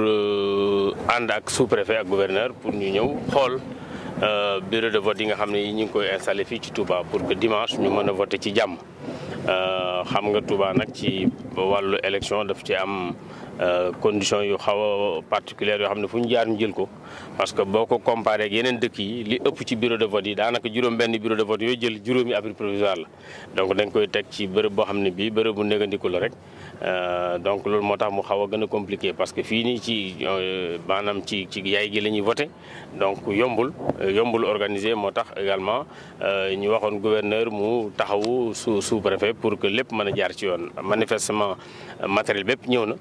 Euh, ànd ak sous-préfet ak gouverneur pour ñu ñëw xool euh, bureau de vote yi nga xam ne ñu ngi koy installé fii ci Touba pour que dimanche ñu mën a voter ci jàmm euh, xam nga Touba nag ci wàllu élection daf ci am Euh, conditions yu xaw a particulières yoo xam ne fu ñu jaar ñu jël ko parce que boo ko comparé ak yeneen dëkk yi li ëpp ci bureau de vote yi daanaka juróom-benn bureau de vote yooyu jël juróomi abri provisoire la donc dañ koy teg ci bërëb boo xam ne bii bërëb bu négandiku la rek euh, donc loolu moo tax mu xaw a gën a compliqué parce que fii nii ci euh, maanaam ci ci yaay gi la ñuy voté donc yombul yombul organisé moo tax également ñu waxoon gouverneur mu taxawu sous sous préfet pour que lépp mën a jaar ci yoon manifestement matériel bépp ñëw na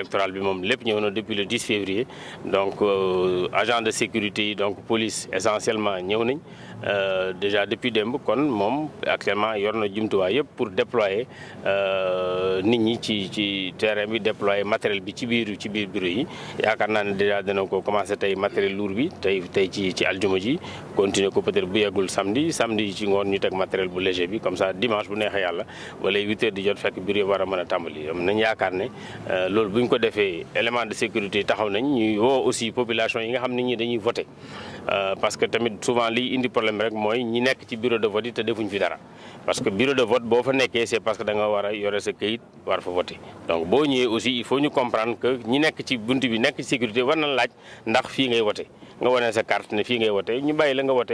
campagne bi moom lépp ñëw na depuis le 10 février donc euh, agent de sécurité yi donc police essentiellement ñëw nañ Euh, déjà depuis démb kon moom actuellement yor na jumtuwaay yëpp pour déployer euh, nit ñi ci ci terrain bi déployer matériel bi ci biir ci biir bureau yi yaakaar naa ne déjà dina ko commencer tey matériel lourd bi tey tey ci ci aljuma ji continuer ko peut-être bu yeggul samedi samedi ci ngoon ñu teg matériel bu léger bi comme ça dimanche bu neexee yàlla wala huit di jot fekk bureau yi war a mën a tàmbali am nañ yaakaar ne euh, loolu bu ñu ko defee élément de sécurité taxaw nañ ñuy woo population yi nga xam ne ñi dañuy voter problème rek mooy ñi nekk ci bureau de vote yi te defuñ fi dara parce que bureau de vote boo fa nekkee c'est parce que da nga war a yore sa këyit war fa voter donc boo ñëwee aussi il faut ñu comprendre que ñi nekk ci bunt bi nekk ci sécurité war na laaj ndax fii ngay voter nga wane sa carte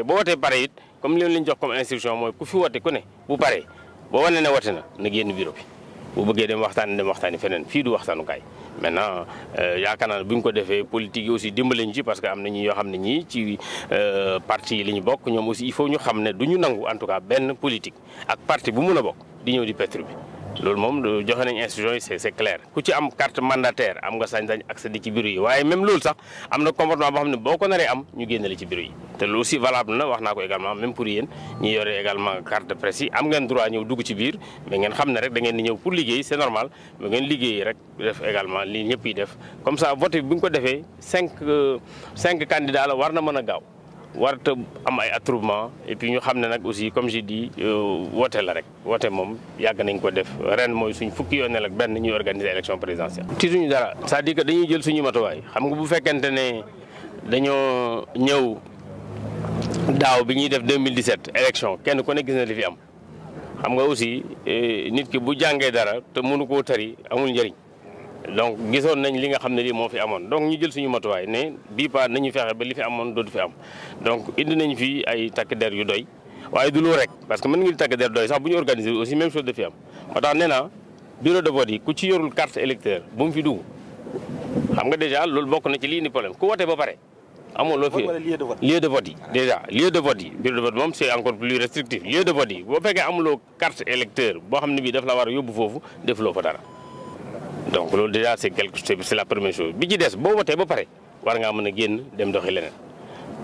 boo voter pare it comme li ñu jox comme instruction mooy ku fi voter ku ne bu paree boo wane ne voter na na génn bureau bi. bu bëggee dem waxtaan dem waxtaani feneen fi du waxtaanukaay maintenant euh, yaakaar naa ne bu ñu ko defee politique yi aussi dimbali ñu parce que am na ñi yoo xam ne ñii ci euh, parti yi li ñu bokk ñoom aussi il faut ñu xam ne du ñu nangu en tout cas benn politique ak parti bu mun a bokk di ñëw di bi loolu moom joxe nañ institution yi c'est c'est ku ci am carte mandataire am nga sañ-sañ accéder ci bureau yi waaye même loolu sax am na comportement boo xam ne boo ko naree am ñu génne la ci bureau yi te loolu aussi valable na wax naa ko également même pour yéen ñi yore également carte de am ngeen droit ñëw dugg ci biir mais ngeen xam ne rek da ngeen di ñëw pour liggéey c'est normal mais ngeen liggéey rek def également li ñëpp yi def comme sa vote bu ñu ko defee cinq euh, cinq candidats la war na mën a gaaw warta am ay attroupement et puis ñu xam ne nag aussi comme je dis euh, woote la rek woote moom yàgg nañ ko def ren mooy suñ fukki yoon yooneel ak benn ñuy organiser élection présidentielle. tiituñu dara c'est-à-dire que dañuy jël suñu matuwaay xam nga bu fekkente ne dañoo ñëw daaw bi ñuy def mille 2017 élection kenn ku ne gis na li fi am xam nga aussi euh, nit ki bu jàngee dara te mënu koo tari amul njëriñ. donc gisoon nañ li nga xam ne lii moo fi amoon donc ñu jël suñu matuwaay ne bii pa nañu fexe ba li fi amoon dootu fi am donc indi nañ fi ay takk der yu doy waaye du loo rek parce que mën nga takk der doy sax bu ñu organiser aussi même chose da fi am moo tax nee naa de vote yi ku ci yorul carte électeur bu mu fi dugg xam nga déjà loolu bokk na ci lii ni problème ku wote ba pare amoo loo fi lieu de vote yi déjà lieu de vote yi bureau de vote moom c'est encore plus restrictif lieu de vote yi boo fekkee amuloo carte électeur boo xam ne bii daf la war a yóbbu foofu defuloo fa dara donc loolu déjà c'est quelque chose c'est la première chose bi ci des boo wotee ba pare war ngaa mën a génn dem doxi leneen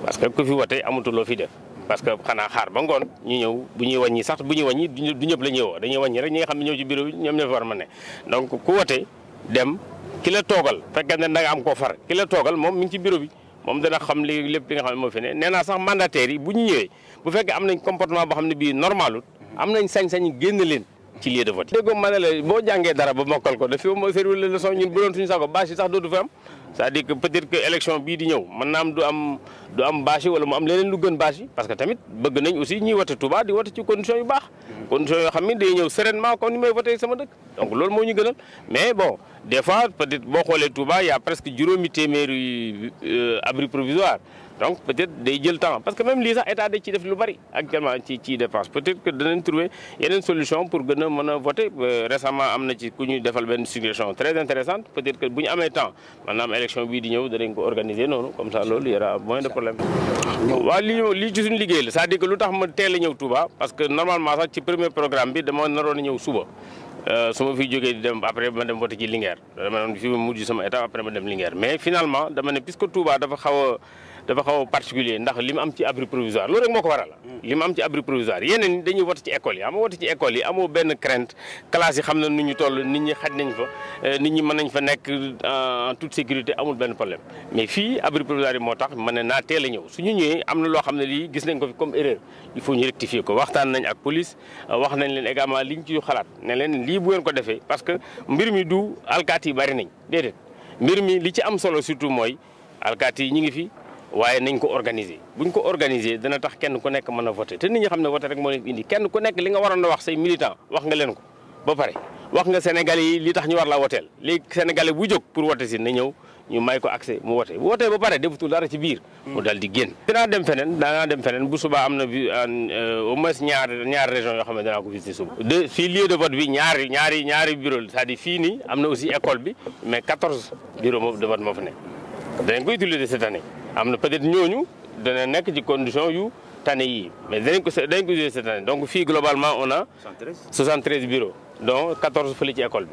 parce que ku fi wote amatuloo fi def parce que xanaa xaar ba ngoon ñu ñëw bu ñuy wàññi sax bu ñi wàññi du ñëpp la ñuy woo dañuy wàññi rek ñi nga xam ne ñëw ci bureau bi ñoom ñoo fi war ma ne donc ku wote dem ki la toogal fekkee ne da am koo far ki la toogal moom mu ngi ci biro bi moom dana xam li lépp li nga xam ne moo fi ne nee naa sax mandataires yi bu ñu ñëwee bu fekkee am nañ comportement boo xam ne bii normalul am nañ sañ-sañ leen ci lieu de vote yi. déggoo ma ne la boo jàngee dara ba mokkal ko dafa ma servir la leçon ñun bu doon suñu sago bâche sax dootu fa am cest dire que peut que élection bii di ñëw mën naa du am du am mu am leneen lu gën bâche yi parce que tamit bëgg nañ aussi ñuy wote Touba di wote ci condition yu baax condition yoo xam ne day ñëw sereinement comme ni may wote sama dëkk donc loolu moo ñu gënal mais bon des fois peut-être boo xoolee Touba y presque juróomi téeméeri euh, donc peut-être day jël temps parce que même lii sax état da ciy def lu bari actuellement ci ci dépense peut-être que danañ trouver yeneen solution pour gën mën a voter euh, récemment am na ci ku ñu defal benn suggestion très intéressante peut-être que bu ñu amee temps maanaam élection bii di ñëw danañ ko organiser noonu comme ça loolu yara moins de problème waaw lii ci suñu liggéey la cest dire que lu tax ma teel a ñëw Touba parce que normalement sax ci bi dama naroon a ñëw suba euh, su ma dafa xaw a particulier ndax li mu am ci abri provisoire loolu rek moo ko waral mm. li mu am ci abri provisoire yeneen dañuy wote ci école yi amoo wote ci école yi amoo benn crainte classe yi xam na nu ñu toll nit ñi xaj nañ fa euh, nit ñi mën nañ fa nekk en toute sécurité amul benn problème mais fii abri provisoire yi moo tax mën ne naa teel a ñëw suñu ñëwee am na loo xam ne lii gis nañ ko fi comme erreur il faut ñu rectifier ko waxtaan nañ ak police euh, wax nañ leen également liñ ci xalaat ne leen lii bu ko defee parce que mbir mi du alkaati yi bari nañ déedéet mbir mi li ci am solo surtout mooy alkaati yi ñu ngi fi waaye nañ ko bu ñu ko organiser dana tax kenn ku nekk mën a voter te nit ñi xam ne voter rek moo leen indi kenn ku nekk li nga waroon a wax say militant wax nga leen ko ba pare wax nga Sénégalais yi li tax ñu war la woteel léegi Sénégalais bu jóg pour wote si na ñëw ñu may ko accès mu wote bu wotee ba pare defutul dara ci biir. mu dal di génn. dinaa dem feneen danaa dem feneen bu subaa am na bi euh, au moins ñaari ñaar région yoo xam ne danaa ko visité suba. de fii lieu de bi ñaari ñaari ñaari bureau cest à fii nii am na aussi école bi mais quatorze bureau de vote moo fa nekk danañ ko utiliser cette am na peut-être ñooñu dana nekk ci condition yu tane yi mais danañ ko danañ donc fii globalement on a. 73 73 bureaux dont 14 fële ci école bi.